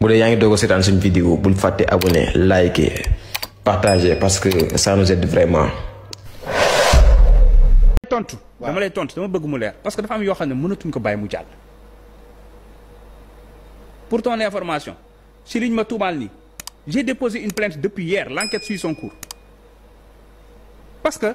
bu dee yaa ngi doog a suñu vidéo bul fàtte abonné liker partager parce que ça nous aide vraiment. tontu dama lay tontou, dama bëgg mu leer parce que dafa am yoo je ne peux ko bàyyi mu Pourtant, pour ton information si liñ ma tuumaal nii j'ai déposé une plainte depuis hier l'enquête suit son cours parce que.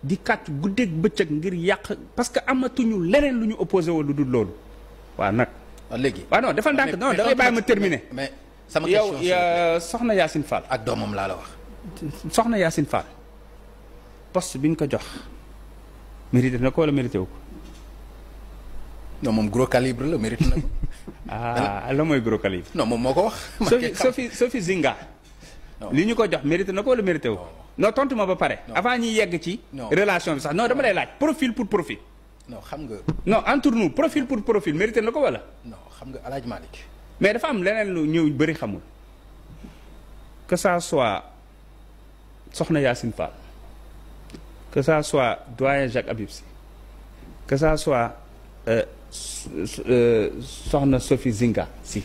di kàcc guddeeg bëccëg ngir yàq parce que amatuñu leneen lu ñu opposé woo lu dul loolu waaw nag. Ah, léegi waaw non defal ah, ndànk non dangay bàyyi ma terminer. mais sama yow soxna Yacine Fall. ak doomam laa la wax. soxna Yacine Fall poste bi ñu ko jox mérité na ko wala mérité moom gros calibre la mérité na ko. ah la moom moo ko wax. Sophie Sophie Sophie Zinga. li ñu ko jox mérité na ko ko. non tontu ma ba pareil. avant ñuy yegg ci. relation Non, sax non dama lay profil pour profil. non xam non entre nous profil pour profil mérité le non je nga El Malik. mais les femmes, leneen lu ñëw bëri que ça soit Sohna Yassine Fall que ça soit doyen Jacques Abibsi. que ça soit euh, euh Sophie Zinga si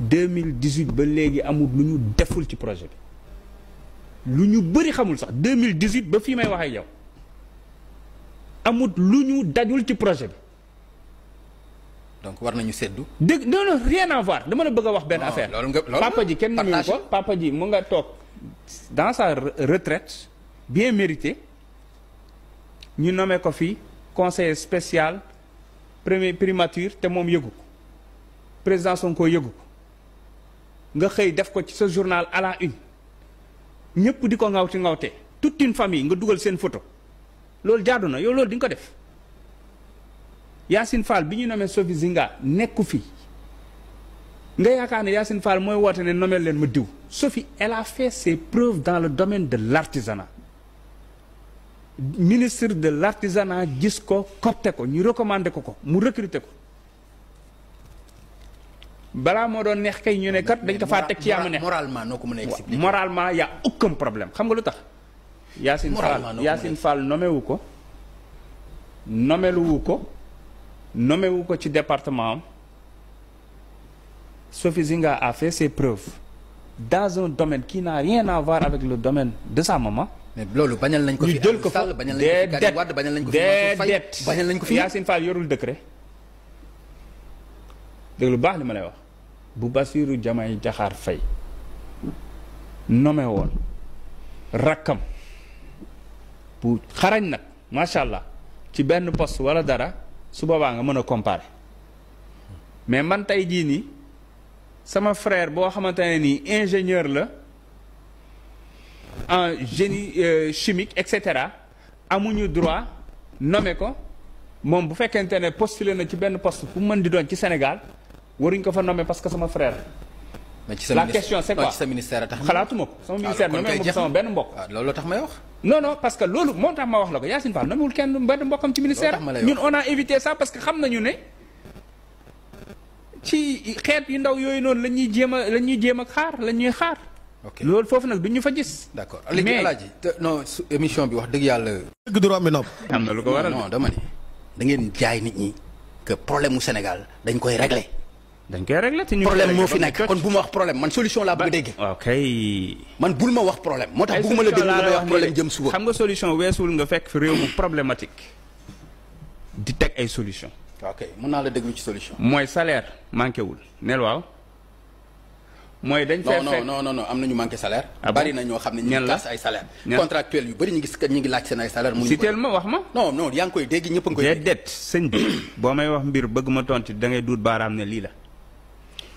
2018 nous avons amul lu projet l'union ñu xamul 2018 ba fi may waxe yow amut luñu dajul ci projet donc war nañu seddu. dégg non non rien à voir dama la bëgg wax ben affaire. papa ji kenn ñu ko papa ji mu nga tok dans sa retraite bien méritée ñu nommé ko fi conseiller spécial premier primature té mom yëgu ko président Sonko yëgu ko nga xey def ko ci ce journal à la une. ñëpp di ko ngawti ngawte toute une famille nga dugal seen photo loolu jaadu na yow loolu di ko def Yacine Fall bi ñu nommé Sophie Zinga nekku fi nga yaakaar ne Yacine Fall mooy woote ne nommé leen ma diw Sophie elle a fait ses dans le domaine de l'artisanat ministre de l'artisanat gis ko copte ko ñu recommandé ko ko mu recruter ko bala moo doon neex kay ñu ne kat dañ ko fa tek ci yaa mu moralement noo ko expliquer moralement y' a aucun problème xam nga lutax yassine Fall yassine Fall nommé wu ko. lu wu ko nommé wu ko ci département Sophie Zinga a fait ses preuves dans un domaine qui n'a rien à voir avec le domaine de sa maman. mais blo bañal nañ ko fi. jël ko fa bañal nañ ko fi bañal nañ ko fi Yacine Fall yorul décret De lu baax li ma lay wax bu Bassirou Diomaye Faye nommé won rakkam bu xarañ de ci poste wala dara su pas nga comparer mais man frère bo ingénieur en génie euh, chimique etc. cetera amuñu droit nommé ko postulé na ci poste di Sénégal waruñ ko fa nommer parce que sama frère. Mais la question c'est quoi ci ministère tax xalaatuma sama ministère nommé ma sama benn mbokk. loolu tax may wax. non non parce que loolu moo tax ma wax lako Yassine Fall nomewul ken benn mbokam ci ministère. ñun on a évité ça parce que xam nañu ne ci xeet yu ndaw yoy non lañuy ñuy lañuy a xaar lañuy xaar. ok loolu fofu nak duñu fa gis. d'accord léegi Aladji non émission bi wax deug Yalla. Deug du romb nopp. Amna na lu ko waral non dama ni da ngeen jaay nit ñi que problème mu Sénégal dañ koy régler dañ koy régler ci ñu problème mo fi nek kon buma wax problème man solution la bëgg dégg ok man bul ma wax problème motax tax la dégg nga wax problème jëm suba xam nga solution wessul nga fekk fi réew mu problématique di tek ay solution ok mën na la dégg ci solution moy salaire manké wul neel waaw moy dañ fay fekk non non non amna ñu manké salaire ah bari na ñoo xamni ñu tass ay salaire contractuel yu bari ñu gis ñi ngi lacc seen ay salaire mu ñu siteel ma wax ma non non yang koy dégg ñepp a koy dégg dette sëñ bi bo may wax mbir bëgg ma tonti da ngay duut baram ne li la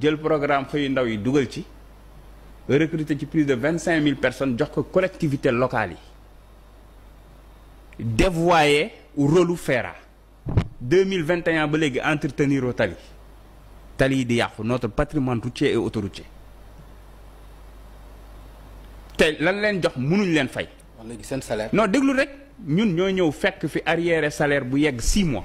le programme feuille ndaw yi duggal ci recruter plus de 25 000 personnes dans ko collectivités locales yi dévoyer ou relou 2021 ba légui entretenir au tali di notre patrimoine routier et autoroutier ce lan len jox fait. len fay fait sen salaire non avons fait un ñoy ñew arrière salaire bu 6 mois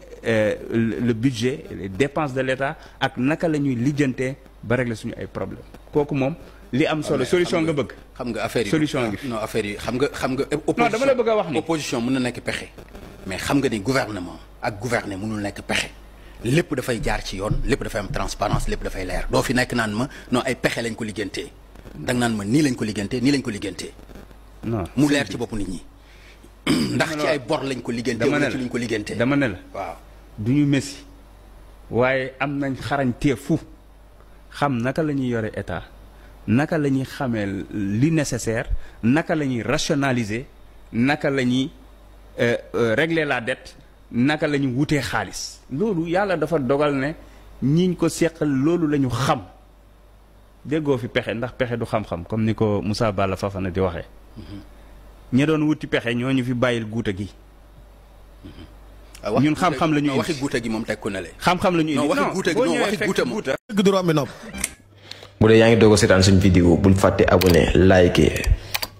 Euh, le budget les dépenses de l'État ak naka lañuy ñuy lijjantee ba régler suñu ay problème kooku mom li am solo ah, solution nga bëgg. xam nga affaire yi solution ah, ngi non affaire yi xam nga xam nga. non dama la bëgg wax ni opposition mën na nekk pexe. mais xam nga ni gouvernement ak gouverner mënul nekk pexe. lépp fay jaar ci yoon lépp fay am transparence lépp fay leer Do fi nek naan ma non ay pexé lañ ko liggéentee dang naan ma ni lañ ko liggéentee ni lañ ko Non. mu leer ci bop nit ñi ndax ci ay bor lañ ko liggéentee ci luñ ko liggéentee dama ne la waaw duñu Messi waye am nañ xarañté fu xam naka lañuy yoré état naka lañuy ñuy li nécessaire naka lañuy rationaliser naka lañuy euh, euh régler la dette naka lañuy wouté xaliss lolu yalla dafa dogal né ñiñ ko sékkal lolu la xam déggoo fi pexé ndax pexé du xam-xam comme niko ko Moussa Balla Fafana di waxee mhm. ña doon wuti pexé ñoñu ñu fi bàyyil guuta gi mhm. Ah, ñun xam-xam lañu waxi guuta gi mom teg ko na le. xam-xam lañu indi waxi guuta gi moom waxi guuta moom. deug droit mi nopp. bu dee yaa ngi doog a suñu vidéo bul faté abonné liker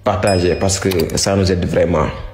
partager parce que ça nous aide vraiment.